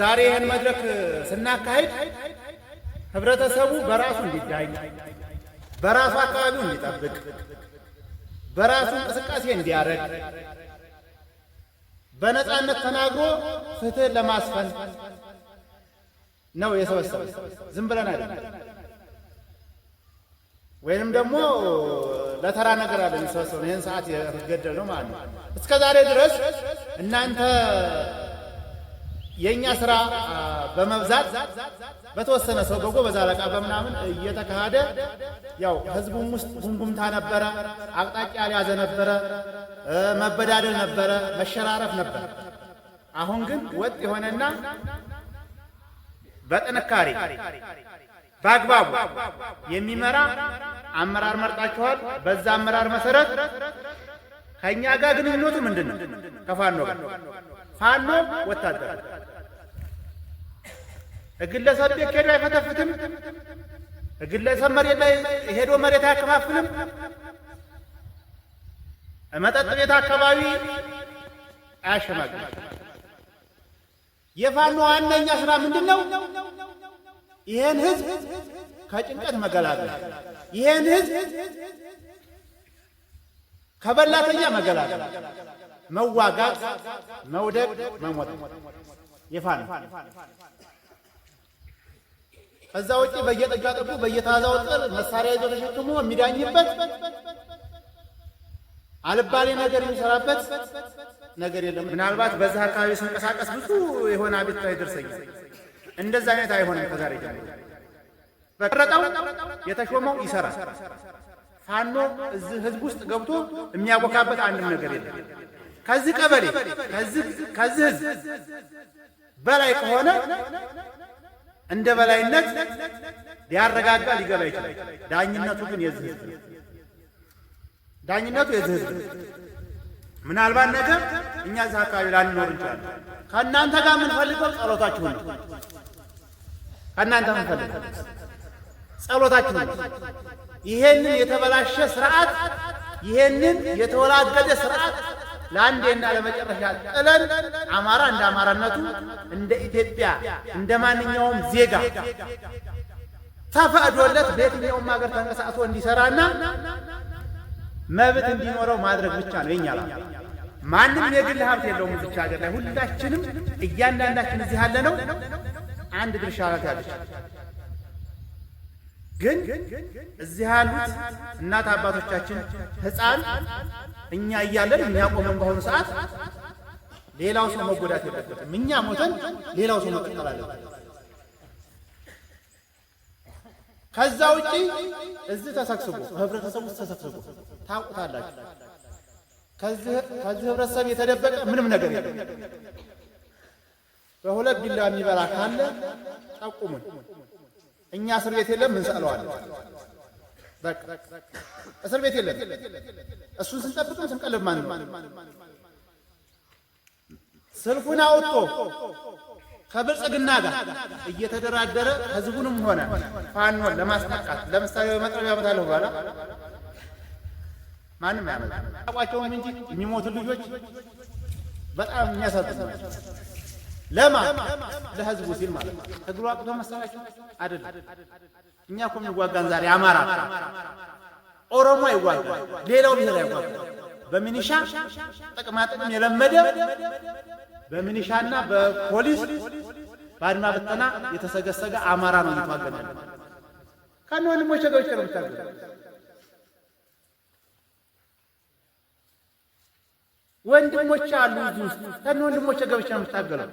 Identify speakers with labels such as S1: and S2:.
S1: ዛሬ ይህን መድረክ ስናካሄድ ህብረተሰቡ በራሱ እንዲዳኝ፣ በራሱ አካባቢው እንዲጠብቅ፣ በራሱ እንቅስቃሴ እንዲያደርግ፣ በነፃነት ተናግሮ ፍትህ ለማስፈን ነው የሰበሰበ። ዝም ብለን አይደለም፣ ወይንም ደግሞ ለተራ ነገር አለ የሚሰበሰብ ነው። ይህን ሰዓት ገደል ነው ማለት ነው። እስከ ዛሬ ድረስ እናንተ የእኛ ስራ በመብዛት በተወሰነ ሰው በጎበዝ አለቃ በምናምን እየተካሄደ ያው ህዝቡም ውስጥ ጉምጉምታ ነበረ፣ አቅጣጫ ያልያዘ ነበረ፣ መበዳደል ነበረ፣ መሸራረፍ ነበረ። አሁን ግን ወጥ የሆነና በጥንካሬ በአግባቡ የሚመራ አመራር መርጣችኋል። በዛ አመራር መሰረት ከእኛ ጋር ግንኙነቱ ምንድን ነው? ከፋኖ ጋር ፋኖ ወታደር ግለሰብ ቤት ሄዶ አይፈተፍትም። ግለሰብ መሬት ላይ ሄዶ መሬት አያከፋፍልም። መጠጥ ቤት አካባቢ አያሸማግም። የፋኖ ዋነኛ ስራ ምንድን ነው? ይሄን ህዝብ ከጭንቀት መገላገል፣ ይሄን ህዝብ ከበላተኛ መገላገል፣ መዋጋት፣ መውደቅ፣ መሞት የፋኖ እዛ ውጪ በየጠጋ ጥቡ በየታዛው ጥር መሳሪያ ይዞ ተሸክሞ የሚዳኝበት አልባሌ ነገር የሚሰራበት ነገር የለም።
S2: ምናልባት በዛ አካባቢ ስንቀሳቀስ ብዙ የሆነ አቤቱታ ይደርሰኛል። እንደዛ አይነት አይሆንም። ከዛሬ ጀምሮ በቀረጠው የተሾመው ይሰራል። ፋኖ እዚህ ህዝብ ውስጥ ገብቶ የሚያቦካበት አንድም ነገር የለም። ከዚህ ቀበሌ ከዚህ ህዝብ በላይ ከሆነ እንደ በላይነት ሊያረጋጋ ሊገባ ይችላል። ዳኝነቱ ግን የዚህ ህዝብ ነው። ዳኝነቱ የዚህ ህዝብ ነው። ምናልባት ነገር እኛ እዚህ አካባቢ ላንኖር እንችላለን። ከእናንተ ጋር የምንፈልገው ጸሎታችሁ ነው። ከእናንተ የምንፈልገው ጸሎታችሁ ነው። ይሄንን የተበላሸ ስርዓት፣ ይሄንን የተወላገደ ስርዓት ለአንዴና ለመጨረሻ ጥለን አማራ እንደ አማራነቱ እንደ ኢትዮጵያ እንደ ማንኛውም ዜጋ ተፈቅዶለት በየትኛውም ሀገር ተንቀሳቅሶ እንዲሰራና መብት እንዲኖረው ማድረግ ብቻ ነው የኛ ማንም የግል ሀብት የለውም። ብቻ ሀገር ላይ ሁላችንም እያንዳንዳችን እዚህ ነው አንድ ድርሻ አላት ያለች ግን እዚህ ያሉት እናት አባቶቻችን ሕፃን እኛ እያለን እኛ ቆመን በአሁኑ ሰዓት ሌላው ሰው መጎዳት የለበትም። እኛ ሞተን ሌላው ሰው መቀጠል አለበት። ከዛ ውጪ እዚህ ተሰብስቦ ህብረተሰቡ ውስጥ ተሰብስቦ ታውቁታላችሁ። ከዚህ ህብረተሰብ የተደበቀ ምንም ነገር የለም። በሁለት ቢላ የሚበላ ካለ ጠቁሙን። እኛ እስር ቤት የለም ምን እንሰቅለዋለን። በቃ እስር ቤት የለም። እሱን ስንጠብቅም ስንቀልብ ማን ስልኩን አውጥቶ ከብልጽግና ጋር እየተደራደረ ህዝቡንም ሆነ ፋኖን ለማስጠቃት ለምሳሌ በመጥረቢያ ያመጣለሁ በኋላ ማንም ያመጣ ያመጣቋቸውም እንጂ የሚሞቱ ልጆች በጣም የሚያሳዝኑ ለማ ለህዝቡ ሲል ማለት ነው። ትግሉ አቅቶ መሰላችሁ አይደለም። እኛ እኮ የሚዋጋን ዛሬ አማራ፣ ኦሮሞ አይዋጋ፣ ሌላው ብሔር አይዋጋ። በሚኒሻ ጥቅማጥቅም የለመደ በሚኒሻና በፖሊስ በአድማ ብተና የተሰገሰገ አማራ ነው የሚዋገናል። ከነ ወንድሞች ሸገሮች ነው የምታገ ወንድሞች አሉ እዚህ ውስጥ ከነ ወንድሞች ሸገሮች ነው የምታገለው